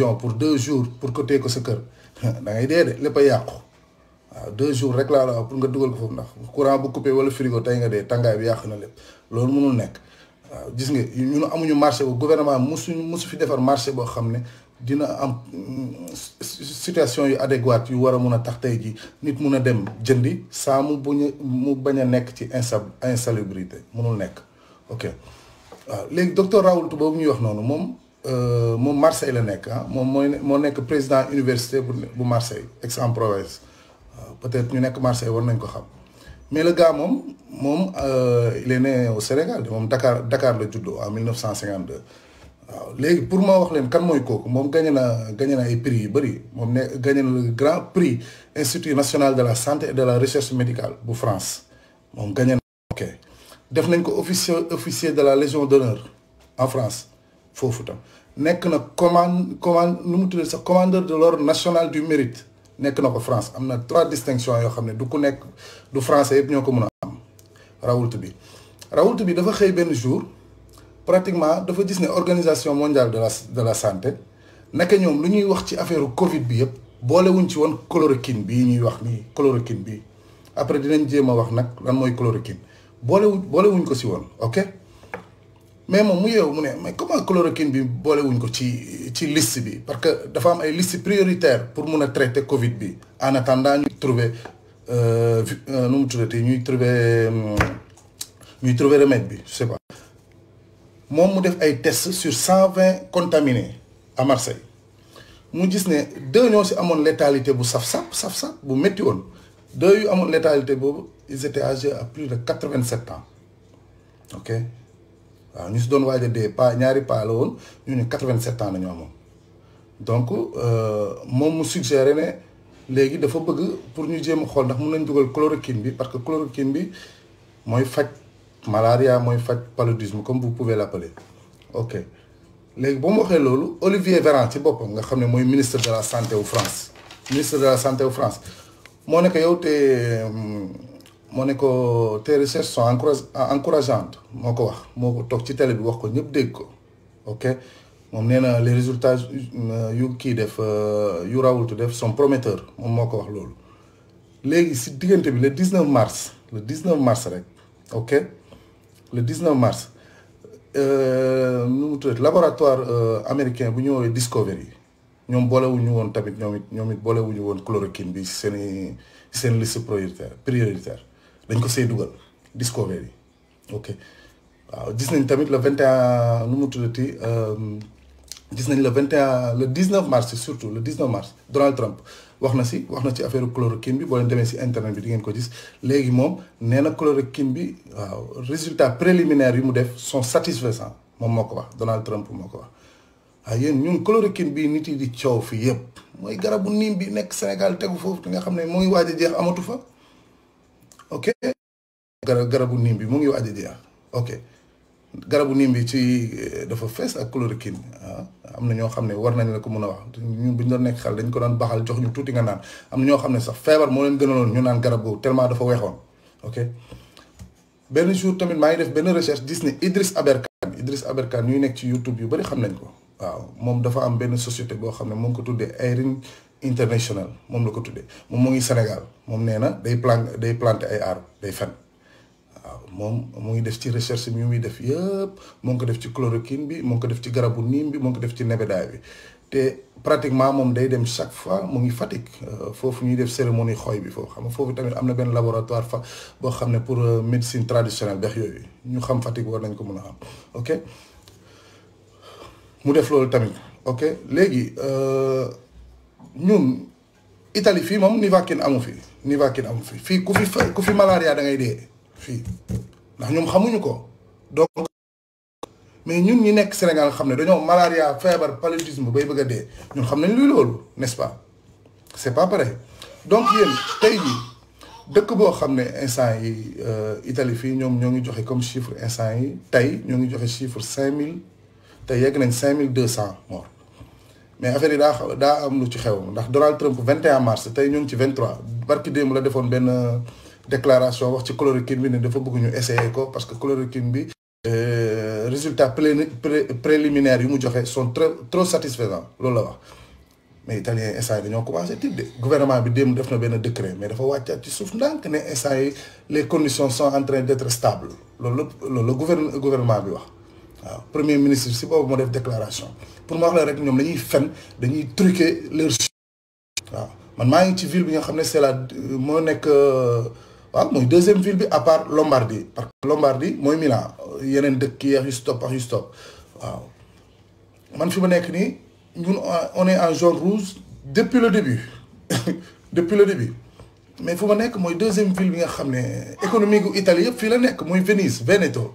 révision pour deux jours pour que téye ko sa kër da ngay dee de lépp a yàqu waaw deux jours rek laa la pour nga dugal ko foofu ndax courant bu coupé wala frigo tey nga dee tàngaay bi yàq na lépp loolu mënul nekk waaw gis nga ñun amuñu marché bu gouvernement mu su fi defar marché boo xam ne dina am mm, situation yu adéquate yu war a mun a tax tey jii nit mun a dem jëndi saa mu buñu mu bañ a nekk ci insa insalubrité mënul nekk ok waaw léegi docteur Raoult boobu ñuy wax noonu moom. Euh, mon Marseille le nekk ah président université pour Marseille ex en provence euh, peut-être ñu nekk Marseille war nañ mais le gars mon euh, il est né au Sénégal mon Dakar Dakar le judo en 1952. les, pour moi wax leen kan gagné na prix yu bëri gagné le grand prix institut national de la santé et de la recherche médicale pour France mon gagné ok def officier officier de la légion d'honneur en France Faux nous na commande commandeur de l'ordre national du mérite Nous na France Nous trois distinctions yo du ku du français ñoko am Raoul dafa jour pratiquement dafa gis organisation mondiale de la de santé lu ñuy wax ci affaire Covid bi bolé wuñ ci chloroquine ñuy après dinañ wax lan chloroquine ko ok mais moom mu yeewu mu ne mais comment chloroquine bi wuñ ko ci ci liste bi parce que dafa am ay liste prioritaire pour mun traiter Covid bi en attendant ñu trouver euh, euh, nu mu tuddati ñuy trouver hmm, ñuy trouver remède bi je sais pas. moom mu def ay tests sur 120 contaminés à Marseille mu gis ne deux ñoo ci amone létalité bu saf saf saf saf bu metti won deux yu amone létalité bobu ils étaient âgés à plus de 87 ans ok nous ñu des pas, n'y a pas pa ñaari pa la ñu ans nous avons. donc euh, mon mu suggéré ne léegi dafa bëgg pour ñu jéem a xool ndax mun le chloroquine bi parce que chloroquine bi mooy malaria mooy fait paludisme comme vous pouvez l'appeler ok Les bons mots waxee Olivier Véran ci boppam nga xam ne le ministre de la santé en France ministre de la santé en France moo que yow te. Euh, mon éco tes recherches sont encourageantes mon ko wax moo ko toog ci télé bi wax ko ok Mon nee les résultats yu kii def yu Raoult def sont prometteurs mon moo wax le 19 mars le 19 mars ok le 19 mars euh, nu laboratoire euh, américain bu ñu woowee Discovery ñoom boolewuñu woon tamit ñoom it ñoom it boolewuñu chloroquine c'est une liste prioritaire prioritaire dañ ko sey dugal discovery ok waaw gis nañ tamit le 21 nu mu tuddati euh, gis nañ le 21 le 19 mars surtout le 19 mars Donald Trump wax na si wax na ci affaire chloroquine bi boo leen demee si internet bi di ngeen ko gis léegi moom nee na chloroquine bi waaw résultat préliminaire yi mu def sont satisfaisants moom moo ko Donald Trump moo ko wax. waaw yéen ñun chloroquine bi nit yi di coow fii yëpp mooy garabu niim bi nekk Sénégal tegu foofu nga xam ne mooy waaj a amatu fa. ok gara garabu niim bi mu ngi waaj a garabu niim bi ci eh, dafa fees ak chloroquine ah. am na ñoo xam ne war nañ la ko mën a wax ñun bu ñu doon nekk xel dañ ko daan baxal jox ñu tuuti nga naan am na ñoo xam ne sax feebar moo leen gënaloon ñu naan garab boobu tellement dafa weexoon ok benn jour tamit maa ngi def benn recherche gis ne Idriss Aberkane Idriss Aberkane ñuy nekk ci YouTube yu bari xam nañ ko waaw moom dafa am benn société boo xam ne moo ngi ko tuddee Airin international moom la ko tuddee moom mu ngi Sénégal moom nee na day plan day planté ay arbre day fen waaw moom mu ngi def ci recherche bi muy def yëpp moo ngi ko def ci chloroquine bi moo ngi ko def ci garabu niim bi moo ko def ci nebedaay bi te pratiquement moom day dem chaque fois mu ngi Fatick euh, foofu ñuy def cérémonie xooy bi foofu xam nga foofu tamit am na benn laboratoire fa boo xam ne pour euh, médecine traditionel bex yooyu ñu xam Fatick war nañ ko mën a xam ok mu def loolu tamit ok euh, ñun Italie fii moom nivaquine amu fi nivaquine amu fi fii ku fi ku fi malaria da ngay dee fii ndax ñoom xamuñu ko donc mais ñun ñi nekk Sénégal xam ne dañoo malaria feebar paludisme bay bëgg a dee ñun xam nañ luy loolu n'est-ce pas c'est pas pare donc yéen tey jii dëkk boo xam ne instant yi euh, Italie fii ñoom ñoo ngi joxe comme chiffre instant yi tey ñoo ngi joxe chiffre cinq mille te yegg nañ cinq mille deux cent morts mais affaire yi daa daa am lu ci xew ndax Donald Trump 21 mars tey ñu ngi ci 23 barki démb la defoon benn euh, déclaration wax ci chloroquine bi ne dafa bëgg ñu essayer ko parce que chloroquine bi. Euh, résultats préliminaires yu mu joxe sont très trop satisfaisants loolu la wax mais italien instant yi dañoo commencé tidde gouvernement bi démb def na benn décret mais dafa wàccaat ci suuf ndànk ne instant yi les conditions sont en train d'être stable loolu gouvernement bi wax premier ministre c'est pas une déclaration pour moi, rek leur ville c'est la euh, deuxième ville à part Lombardie parce Lombardie Milan Il y stop stop on est en zone rouge depuis le début depuis le début mais fu que deuxième ville bi nga Venise Veneto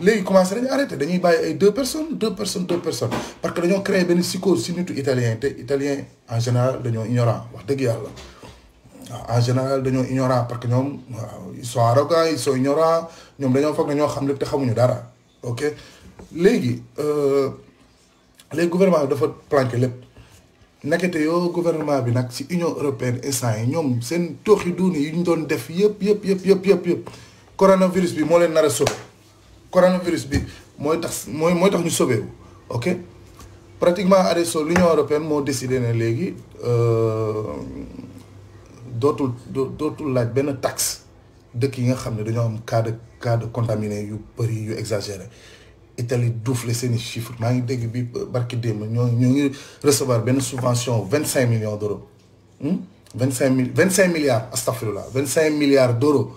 léegi commencé dañu arrêté dañuy bàyyi ay deux personnes deux personnes deux personnes parce que dañoo créé benn psychose si nitu italien te italien en général dañoo ignorant wax deug yalla en général dañoo ignorant parce que ñom waaw ils sont arrogants ils sont ignorants ñoom dañoo foog ne xam lépp te xamuñu dara ok léegi léegi gouvernement bi dafa planqué lépp nakete yo gouvernement bi nak ci union européenne instant yi ñom seen toxi duuni yi ñu doon def yëpp yëpp yëpp yëpp yëpp coronavirus bi mo leen nar a coronavirus bi mooy tax mooy mooy tax ñu wu ok pratiquement adesso l'Union européenne moo décidé ne léegi euh, dootul dootul laaj benn taxe dëkk yi nga xam ne dañoo am cas de cas de contaminé yu bëri yu exagéré Italie duufle seen i chiffres maa ngi dégg bi barki démb ñoo ñoo ngi recevoir benn subvention vingt 25 millions d'euros vingt 25 25 vingt cinq milliards astafirullah vingt cinq milliards d'euros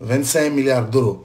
vingt milliards d'euros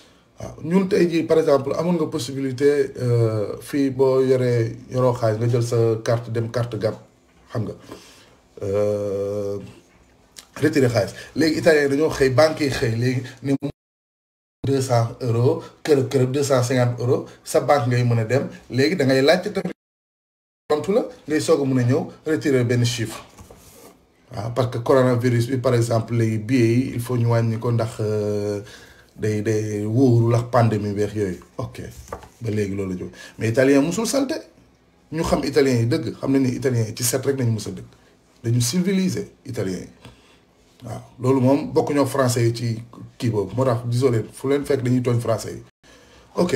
waaw ah, ñun tey jii par exemple amoon nga possibilité euh, fii boo yoree yoroo xaalis nga jël sa carte dem carte gab xam nga euh, retiré xaalis léegi italien dañoo xëy banque yi xëy léegi ni deux cent euros kërëb kërëb deux cent cinquante euro sa banque ngay mën a dem léegi da ngay laajte tamit tontu la ngay soog a mën a ñëw retiré benn chiffre waaw ah, parce que coronavirus bi par exemple léegi billets yi il faut ñu wàññi ko ndax euh, day day wóorul ak pandémie weex yooyu ok ba léegi loolu la mais italien musul salte ñu xam italien yi dëgg xam ne ni italien yi ci set rek nañu mës a dëgg dañu civilisé italien yi waaw loolu moom bokk ñoo français yi ci kii boobu moo tax disoo leen fu leen fekk dañuy tooñ français yi ok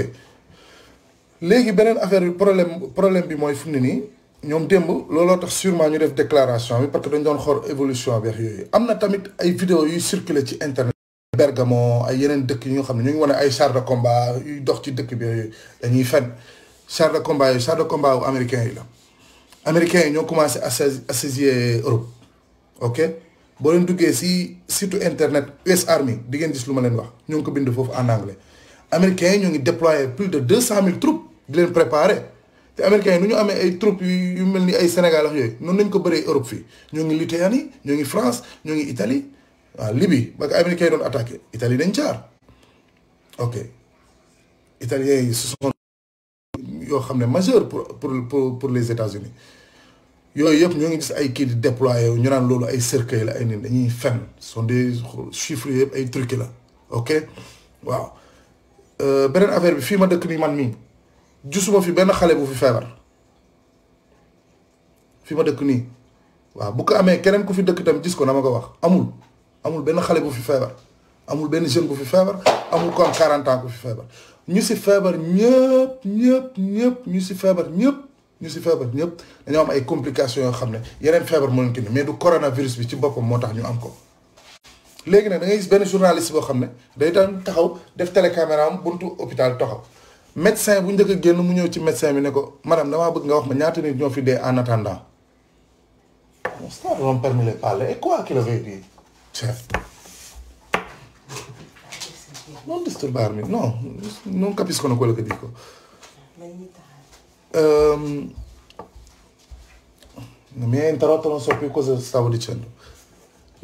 léegi beneen affaire bi problème problème bi mooy fu mu ne nii ñoom démb looloo tax sûrement ñu def déclaration bi parce que dañ doon xool évolution weex yooyu am na tamit ay vidéo yuy circulé ci internet Bergamo ay yeneen dëkk yi nga xam ñu ngi ay char de combat yu dox ci dëkk bi dañuy fen char de combat yi char de combat wu américain yi la américains yi ñoo commencé assasier Europe ok bo leen duggee si site internet US Army di ngeen gis lu ma leen wax ñoo ngi ko bind foofu en anglais américain yi ñoo ngi déployé plus de 200 000 troupes di leen préparer te américains yi nu ñu amee ay troupes yu mel ni ay Sénégal ak yooyu noonu lañ ko bëree Europe fii ñoo ngi Lituanie ñoo ngi France ñoo ngi Italie waaw ah, Libye ba ko américain yi doon attaqué Italie dañ jaar ok italiens yi ce sont yoo xam ne majeur pour pour pour les États-Unis yooyu yëpp ñoo ngi si ay kii di déployé ñu naan loolu ay cercueil la ay nit dañuy fen sont des chiffres ay trucs la ok waaw euh, beneen affaire bi fii ma dëkk nii man mii gisuma fi benn xale bu fi feeral fii ma dëkk nii waaw bu ko amee keneen ku fi dëkk tamit gis ko na ko wax amul amul benn xale bu fi feebar amul benn jeune bu fi feebar amul ko am 40 ans bu fi feebar ñu si feebar ñëpp ñëpp ñëpp ñu si feebar ñëpp ñu si feebar ñëpp dañoo am ay complications yoo xam ne yeneen feebar moo leen kii mais du coronavirus bi ci boppam moo tax ñu am ko. léegi nag da ngay gis benn journaliste boo xam ne day daan taxaw def télécaméra am buntu hôpital taxaw médecin bu njëkk a génn mu ñëw ci médecin bi ne ko madame damaa bëgg nga wax ma ñaata nit ñoo fi dee en attendant. on se parmi les parler Certo. Non disturbarmi, no, non capiscono quello che dico. Um, mi hai interrotto, non so più cosa stavo dicendo.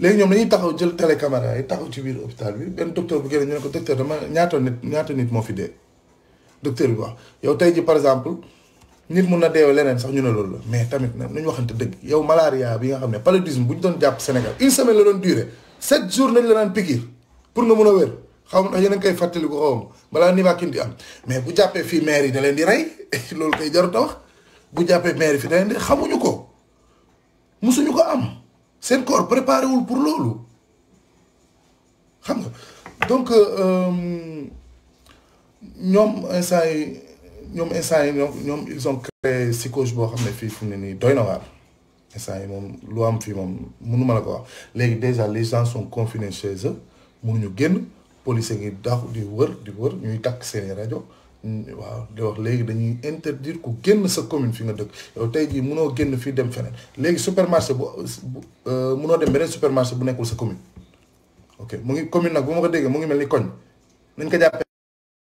léegi ñoom dañuy taxaw jël télécaméra yi taxaw ci biir hôpital bi benn docteur bu génne ñu ne ko docteur dama ñaata nit ñaata nit moo fi dee docteur bi wax yow tey ji par exemple nit mun na deewe leneen sax ñu ne loolu la mais tamit nañu waxante dëgg yow malaria bi nga xam ne paludisme bu ñu doon jàpp Sénégal une semaine la doon durer sept jours nañ la daan piqûre pour nga mun a wér xaw ma yéen a ngi koy fàttali ko xaw balaa ni vaccin di am mais bu jàppee fii yi da leen di rey loolu koy jarut a bu jàppee maire fi da leen di xamuñu ko ko am seen corps préparé pour loolu xam nga donc euh, ñoom instant yi ñoom instant yi ñoom ils ont créé psychose boo xam ne fii fu mu ne nii doy na waar instant yi moom lu am fii moom mënu la ko wax léegi déjà les gens sont confinés chez eux mënuñu génn police ngi dax di wër di wër ñuy takk seeni rajo waaw di wax léegi dañuy interdire ku génn sa commune fi nga dëkk yow tey jii mënoo génn fii dem feneen léegi supermarché bu euh, mënoo dem beneen supermarché bu nekkul sa commune ok mu ngi commune nag bu ma ko déggee mu ngi mel ni koñ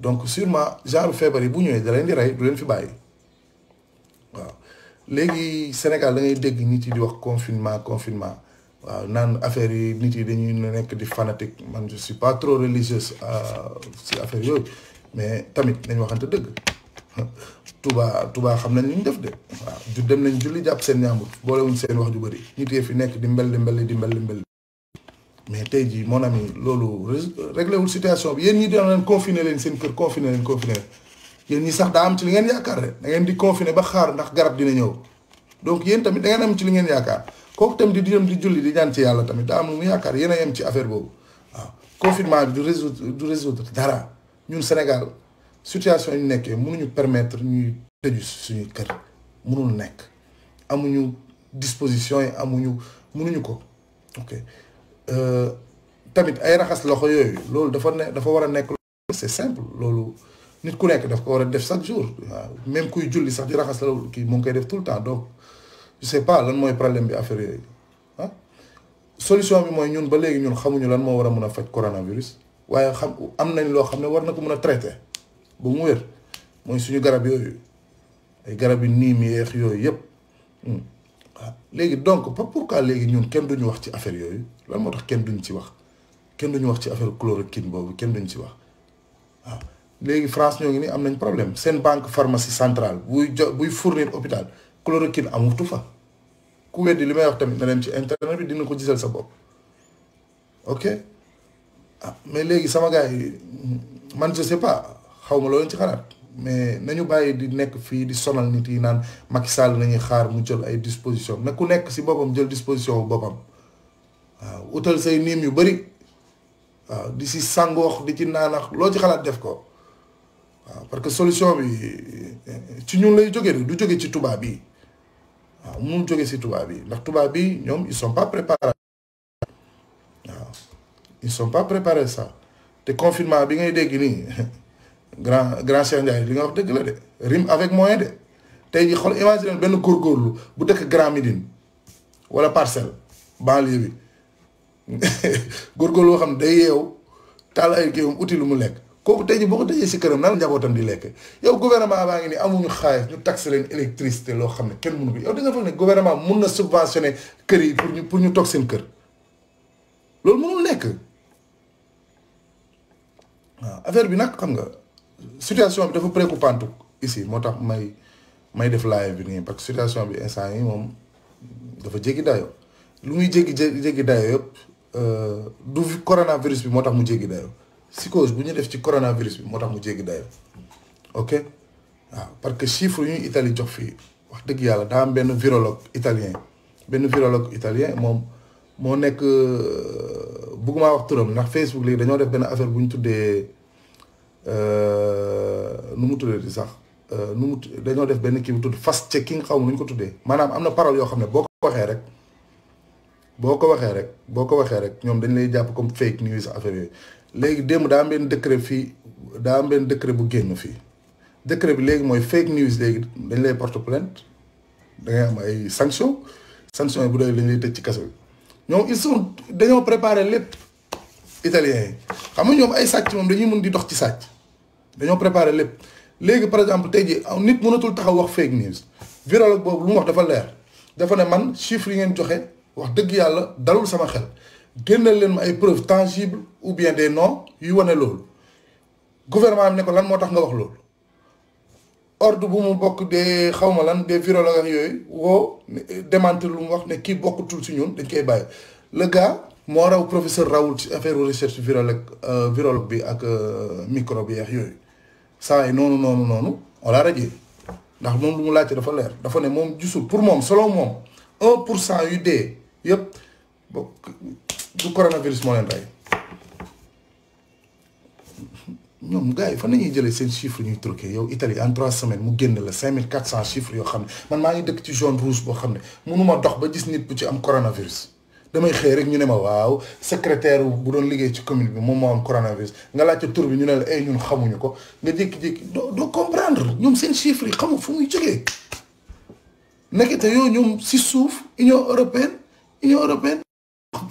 donc sûrement genre février bu ñëwé da leen di ray du len fi bàyyi waaw légui Sénégal da ngay dégg nit yi di wax confinement confinement waaw nan affaire yi nit yi dañuy nekk di fanatique man je suis pas trop religieuse euh, ci affaire yooyu mais tamit nañ waxante dëgg Touba Touba xam nañ li ñu def de waaw ju dem nañ julli jàpp seen ñaambur boolewuñ seen wax ju bëri nit yi fi nekk di mbel di mbel di mbel di mbel mais tey jii mon ami loolu réglé wul situation bi yéen ñi doon leen confiné leen seen kër confiné leen confiné leen yéen ñi sax daa am ci li ngeen yaakaar rek da ngeen di confiné ba xaar ndax garab dina ñëw donc yéen tamit da am ci li ngeen yaakaar kooku tamit di dem di julli di ñaan ci yàlla tamit daa am lu mu yaakaar yéen a yem ci affaire boobu waaw confinement du résoudre du résoudre dara ñun Sénégal situation yi ñu nekkee mënuñu permetre ñuy tëju suñu kër mënul nekk amuñu disposition yi amuñu mënuñu ko Euh, tamit ay raxas loxo yooyu loolu dafa ne dafa war a nekk c'est simple loolu nit ku nekk daf ko war a def chaque jour waaw même kuy julli sax di raxas la kii mu ngi koy def tout le temps donc je sais pas lan mooy problème bi affaire yooyu ah solution bi mooy ñun ba léegi ñun xamuñu lan moo war a mën a faj coronavirus waaye xam am nañ loo xam ne war na ko mën a traiter ba mu wér mooy suñu garab yooyu ay garab yu niim yeex yooyu yëpp. Hmm. légui donc pourquoi léegi ñun kenn duñu wax ci affaire yooyu lan moo tax kenn duñ ci wax kenn duñu wax ci affaire chloroquine kenn duñ ci wax France ñoo ngi ni am nañ problème Farmasi banque pharmacie centrale buy jo buy fournir hôpital chloroquine amutu fa ku weddi li may wax tamit na ci internet bi dina ko gisal sa bopp ok ah mais légui sama gars yi man je sais pas xaw ma ci mais nañu bàyyi di nekk fii di sonal nit yi naan Macky Sall nañu xaar mu jël ay disposition mais ku nekk si boppam jël disposition boppam waaw utal say niim yu bëri waaw di si sangoox di ci naanax loo ci xalaat def ko waaw parce que solution bi ci ñun lay jóge jógee du jóge ci tubaab yi waaw mu jóge si tubaab yi ndax tubaab yi ñoom ils sont pas préparés waaw ils te confinement bi ngay dégg nii grand grand Cheikh Ndiaye li nga wax dëgg la de rime avec moyen de tey jii xool imagine benn góorgóorlu bu dëkk Grand Médine wala parcelle banlieue bi góorgóorlu loo xam ne day yeew taal ay kii uti lu mu lekk kooku tey jii boo ko tëjee si këram di lekk yow gouvernement baa ngi ni amuñu xaalis ñu taxe leen électricité loo xam ne kenn mënu ko yow da nga foog mun na subventionné kër yi pour ñu pour ñu toog seen kër loolu mënul nekk waaw affaire bi nag xam nga. situation bi dafa préoccupante ici moo tax may may def live bi nii parce situation bi instant yi moom dafa jéggi dayo lu muy jéggi jéggi dayo yëpp euh, du coronavirus bi moo tax mu jéggi dayo psychose bu ñu def ci coronavirus bi moo tax mu jéggi dayo ok waaw parce que chiffre yu ñu Italie jox fii wax dëgg yàlla daa am benn virologue italien benn virologue italien moom moo nekk euh, bëgguma wax turam ndax Facebook léegi dañoo def benn affaire bu ñu tuddee Euh, nu mu tuddee di sax euh, nu mu dañoo def benn kii bu tudd fast checking xaw ma ñu ko tuddee maanaam am na parole yoo xam ne boo ko waxee rek boo ko waxee rek boo ko waxee rek ñoom dañ lay jàpp comme fake news affaire yooyu léegi démb daa am benn décret fii daa am benn décret bu génn fii décret bi léegi mooy fake news léegi dañ lay porte plainte da ngay am ay sanction sanction yi bu doy dañ lay tëj ci kaso bi ñoom il sont dañoo préparer lépp italien yi xam nga ñoom ay sàcc moom dañuy mun di dox ci sàcc dañoo préparé lépp par exemple tey nit taxaw wax fake news virologue lu wax dafa leer dafa ne man chiffres yi wax preuves tangibles ou bien des noms yu gouvernement ko lan nga wax ordre des virologues ak yooyu woo lu wax le gars moo raw professeur Raoult affaire recherche virologue euh, virologue bi ak euh, microbe non non non, non non, on l'a radié ndax mom lu mu dafa leer dafa pour moi, selon moi, 1% UD, cent yu du coronavirus mo len ray que gars fa dire seen ñuy yow en trois semaines mu génn la 5400 chiffres yo xamné man que ngi dëkk ci rouge bo xamné mënuma dox ba gis am coronavirus damay xëy rek ñu ne ma waaw secrétaire bu doon liggéey ci commune bi moom moo am coronavirus nga laajte tur bi ñu ne la ay eh, ñun xamuñu ko nga jékki-jékki doo doo comprendre ñoom seen chiffres yi xamu fu muy jógee nekkete yoo ñoom si suuf union européenne union européenne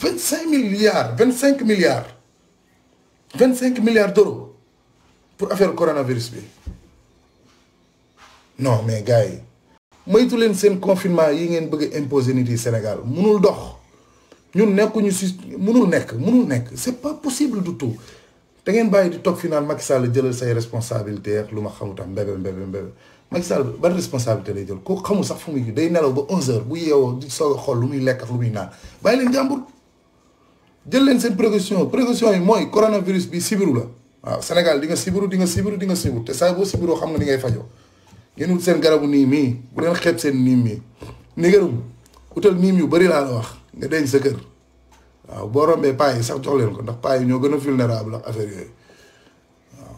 vingt cinq milliards vingt cinq milliards vingt cinq milliards d'euros pour affaire coronavirus bi non mais gars yi moytu leen seen confinement yi ngeen bëgg a imposer nit yi Sénégal munul dox Nous ne pas pas possible du tout da ngeen avez di top final Macky Sall responsabilité mbébé mbébé Macky responsabilité 11h bu yeewoo di soog a précaution précaution coronavirus bi sibiru la Sénégal di sibiru di sibiru di sibiru Vous xam nga ni ngay est garabu bu Vous avez nga denc sa kër waaw boo rombee paa yi sax jox leen ko ndax paa yi ñoo gën a vulnérable ak affaire yooyu waaw.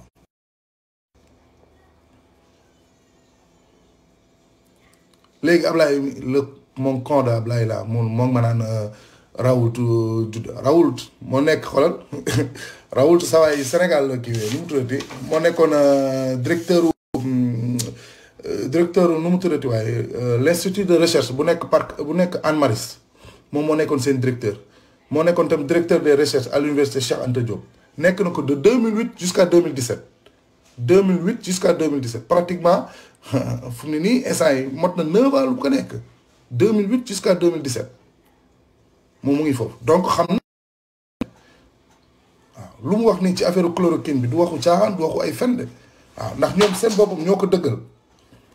léegi Ablaye le moom camp de Ablaye laa moom moom ma naan euh, Raoult euh, Raoult moo nekk xoolal Raoult sawaay yi Sénégal la kiiwee nu mu tuddati moo nekkoon euh, directeur hmm, directeur nu mu tuddati waaye l' institut de recherche bu nekk parc bu nekk Anne Maris. moom moo directeur moo nekkoon tam directeur des recherches à l'université Cheikh Anta Diop nekk de 2008 jusqu'à 2017 2008 jusqu'à 2017 pratiquement Founini, mu ne 9 ans lu ko 2008 jusqu'à 2017 Mon mu ngi donc xam na waaw lu mu wax affaire chloroquine bi du waxu caaxaan du waxu ay fen de waaw ndax ñoom seen boppam ñoo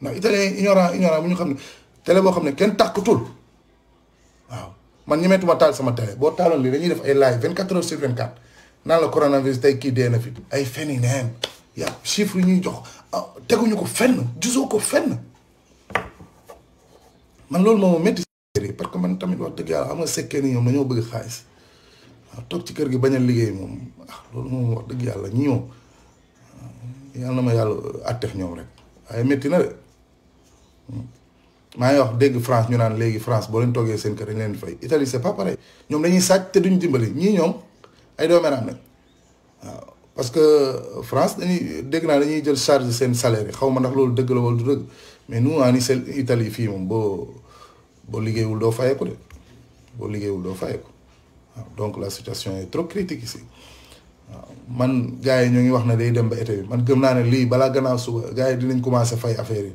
non italien ignorant ignorant bu ñu xam ne tele boo xam ne kenn tàkkutul waaw man ñemeetuma taal sama télé boo taaloon lii dañuy def ay live 24 heures sur 24 naan la coronavirus tey kii dee na fi ay fen yi neen yaa chiffre ñuy jox ah, teguñu ko fen gisoo ko fen man loolu moom métti parce que man tamit wax dëgg yàlla am nga sekkee ni ñoom dañoo bëgg xaalis waaw ah, toog ci kër gi bañ a liggéey moom ah loolu moom wax dëgg yàlla ñi moom ah, yàlla na ma yàlla attef maa ngi wax dégg France ñu naan léegi France boo leen toogee seen kër dañ leen fay Italie c'est pas pareil ñoom dañuy sàcc te duñ dimbali ñii ñoom ay dooméeraam lañ waaw parce que France dañuy dégg naa dañuy jël charge seen salaire yi xaw ma ndax loolu dëgg la wala du dëgg mais nous en Italie fii moom boo boo liggéeyul doo fayeeku de boo liggéeyul doo fayeeku waaw donc la situation est trop critique si waaw man gars yi ñoo ngi wax ne day dem ba été man gëm naa ne lii balaa gannaaw suba gars yi dinañ commencer fay affaire yi.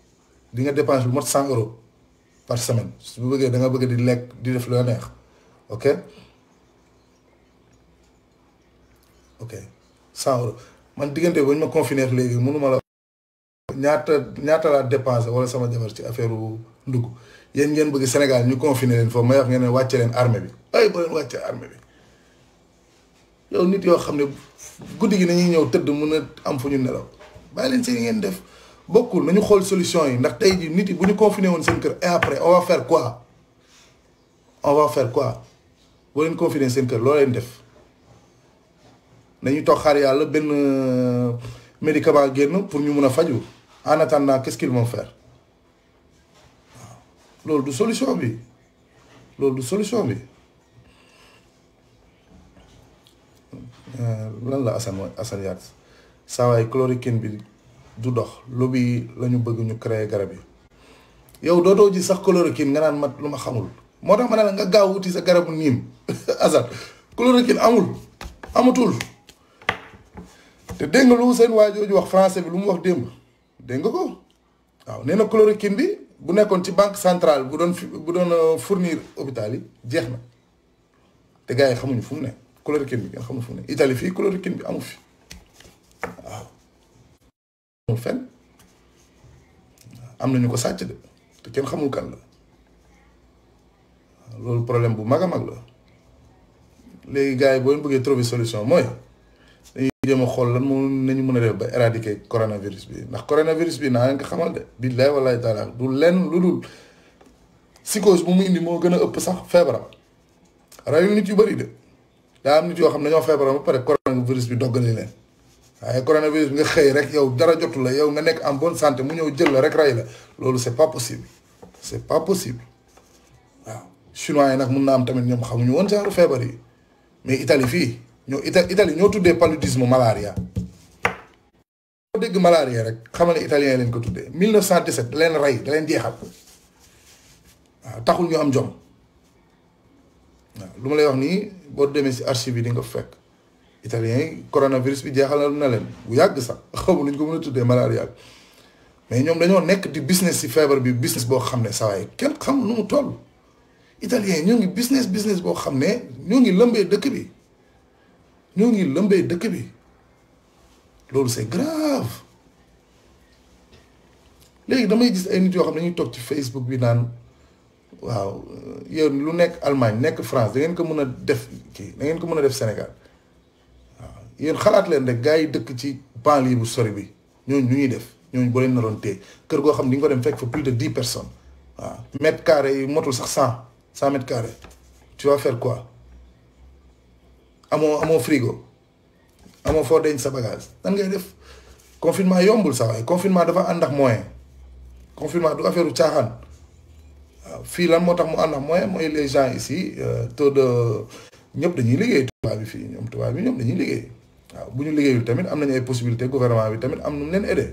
di nga dépense bu mot cent euros par semaine su bëggee danga nga bëgg di lekk di def loo neex ok ok cent euros man diggante ba ñu ma confiné léegi mënu la. ñaata ñaata laa dépensé wala sama jabar ci affaire ndugg yéen ngeen bëgg Sénégal ñu confiné leen foofu ma wax ngeen ne wàcce leen armée bi ay ba leen wàcce armée bi yow nit yoo xam ne guddi gi nañuy ñëw tëdd mën a am fu ñu nelaw bàyyi leen si ngeen def. beaucoup nañu xool solution yi ndax tay jii nit yi buñu confiner won seen kër et après on va faire quoi on va faire quoi boo leen confiné seen kër loo leen def nañu toog xaar yàlla benn euh, médicament génn pour ñu mëna faju en attendant qu'est-ce qu'ils vont faire lolou du solution bi lolou du solution bi euh, lan la Assane Assane Yaat saa chloroquine bi. du dox lobby la ñu bëgg ñu créer garab yi yow dootoo ji sax chloroquine nga naan ma lu ma xamul moo tax ma ne la nga gaaw wuti sa garabu niim azar chloroquine amul amatul te dégg nga lu seen waa jooju wax français bi lu mu wax démb dégg nga ko waaw nee na chloroquine bi bu nekkoon ci banque centrale bu doon bu doon euh, fournir hôpital yi jeex na te gars yi xamuñu fu mu ne chloroquine bi ngeen xamul fu ne Italie fii chloroquine bi amu fi waaw ñoo fenn am nañu ko sàcc de te kenn xamul kan la loolu problème bu mag a mag la léegi gars yi boo ñu bëggee trouver solution mooy dañuy jéem a xool lan moom nañu mën a def ba éradiquer coronavirus bi ndax coronavirus bi naa leen ko xamal de billaay wallaay taala du len lu dul psychose bu mu indi moo gën a ëpp sax feebaram rayu nit yu bëri de daa am nit yoo xam ne dañoo feebaram ba pare coronavirus bi doggali leen. waaye coronavirus nga xey rek yow dara jotu la yow nga nekk en bonne santé mu ñëw jël la rek ray la loolu c'est pas possible c'est pas possible waaw chinois yi nag mun na am tamit ñoom xamuñu woon genre feebar yi mais Italie fii ñoo Ita Italie ñoo tuddee paludisme malaria. boo dégg malaria rek xamal ne italien leen ko tuddee 1917 da leen rey da leen jeexal waaw taxul ñu am jom waaw lu ma lay wax nii boo demee ci archive yi di nga fekk italiens yi coronavirus bi jeexal na leen bu yàgg sax xamu luñ ko mën a tuddee malaria bi mais ñoom dañoo nekk di business ci feebar bi business boo xam ne sawaay kenn xam nu mu toll italiens yi ñoo ngi business business boo xam ne ñoo ngi lëmbee dëkk bi ñoo ngi lëmbee dëkk bi loolu c'est grave léegi damay gis ay nit yoo xam ne ñuy toog ci Facebook bi naan waaw yow lu nekk Allemagne nekk France da ngeen ko mën a def kii da ngeen ko mën a def Sénégal yéen xalaat leen rek gars yi dëkk ci banlieue bu sori bi ñooñu ñu ñuy def ñooñu boo leen naroon téye kër goo xam ne di nga dem fekk fa plus de 10 personnes waaw mètre carré yi motul sax 100 100 mètre carré tu vas faire quoi amoo amoo frigo amoo foo denc sa bagage nan ngay def confinement yombul sa waaye confinement dafa ànd ak moyen confinement du affaire u caaxaan waaw fii lan moo tax mu ànd ak moyen mooy les gens ici euh, taux de ñëpp dañuy liggéey tubaab bi fii ñoom tubaab bi ñoom dañuy liggéey waaw bu ñu liggéeyul tamit am nañu ay possibilité gouvernement bi tamit am nu mu leen aidé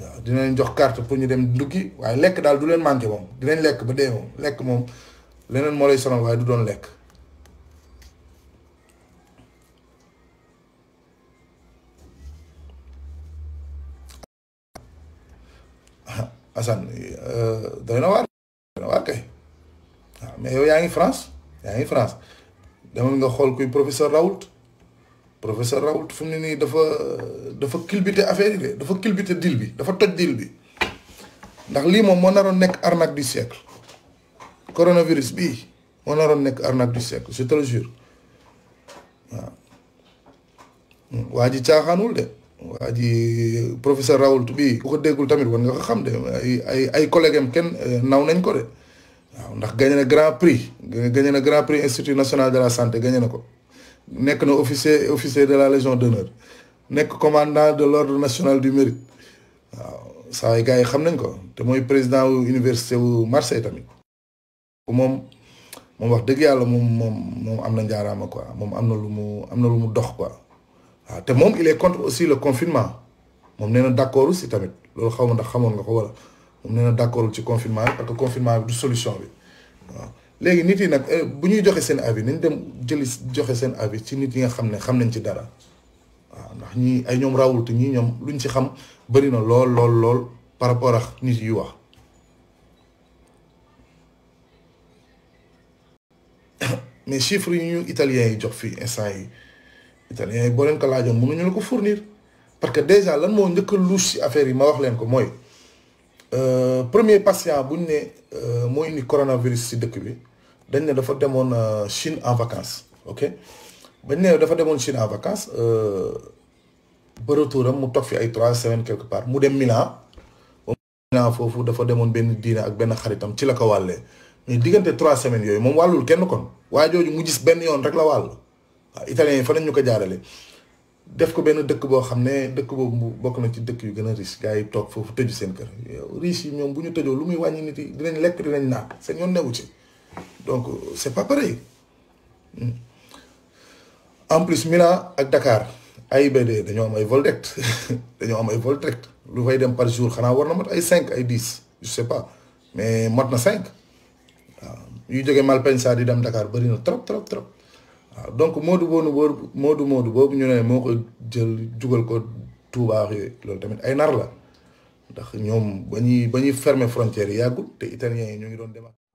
waaw dinañ jox carte pour ñu dem nduggi waaye lekk daal du leen manqué moom dinañ lekk ba dee moom lekk moom leneen moo lay sonal waaye du doon lekk. Assane euh, doy na waar kay waaw mais yow yaa ngi France yaa ngi France demal nga xool kuy professeur Raoult. professeur Raoult fu ne nii dafa dafa culbuté affaire dafa culbuté deal bi dafa toj deal bi lii moom moo naroon nekk arnaque du siècle coronavirus bii moo naroon nekk arnaque du siècle je waa ji caaxaanul de waa ji professeur Raoult bii ko déggul tamit war nga xam de ay ay ay collègue kenn euh, naw nañ ko de waaw ndax gagné na grand prix gagné na grand prix institut national de la santé gagné na ko N'est na officier officier de la légion d'honneur que commandant de l'ordre national du mérite waaw ay président université de Marseille tamit mom mom wax deug yalla quoi quoi il est contre aussi le confinement mom est d'accord aussi tamit d'accord confinement confinement solution léegi nit yi nag euh, bu ñuy joxe seen avis nañ dem jëli joxe seen avis ci nit yi nga xam ne xam nañ ci dara waaw ndax ñii ay ñoom raawul te ñii ñoom luñ ci xam bëri na lool lool lool par rapport ak nit yu wax. mais chiffres yi ñu italiens yi jox fii instant yi italiens yi boo leen ko laajoon mënuñu la ko fournir parce que déjà lan moo njëkk a si ci yi ma wax leen ko mooy euh, premier patient bu ñu ne euh, moo indi coronavirus si dëkk bi dañ ne dafa demoon euh, Chine en vacances ok bañ ne dafa demoon Chine en vacances euh, ba am mu toog fi ay trois semaines quelque part mu dem Milan ba Milan foofu dafa demoon benn diine ak benn xaritam ci la ko wàllee mais diggante trois semaine yooyu moom wàllul kenn kon waa jooju mu gis benn yoon rek la wàll waa italiens yi fa nañ ñu ko jaarale def ko benn dëkk boo xam ne dëkk boobu bokk na ci dëkk yu gën a riche gars yi toog foofu tëju seen kër riche yi ñoom bu ñu tëjoo lu muy wàññi nit yi dinañ lekk dinañ naan seen newu ci Donc, c'est pas pareil. Hmm. En plus, Mina à Dakar, AIBD, ils ont un vol direct. Ils ont un vol direct. par jour, ils ont 5, 10, je sais pas. Mais maintenant, 5. Ils ont mal pensé à dire Dakar, ils ont trop, trop, trop. Donc, modu modu bobu ñu né moko jël duggal ko Touba xé tout tamit ay nar la ndax ñom bañuy bañuy fermer frontière yagul té italien ñu ngi doon